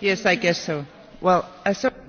Yes, I guess so. Well, I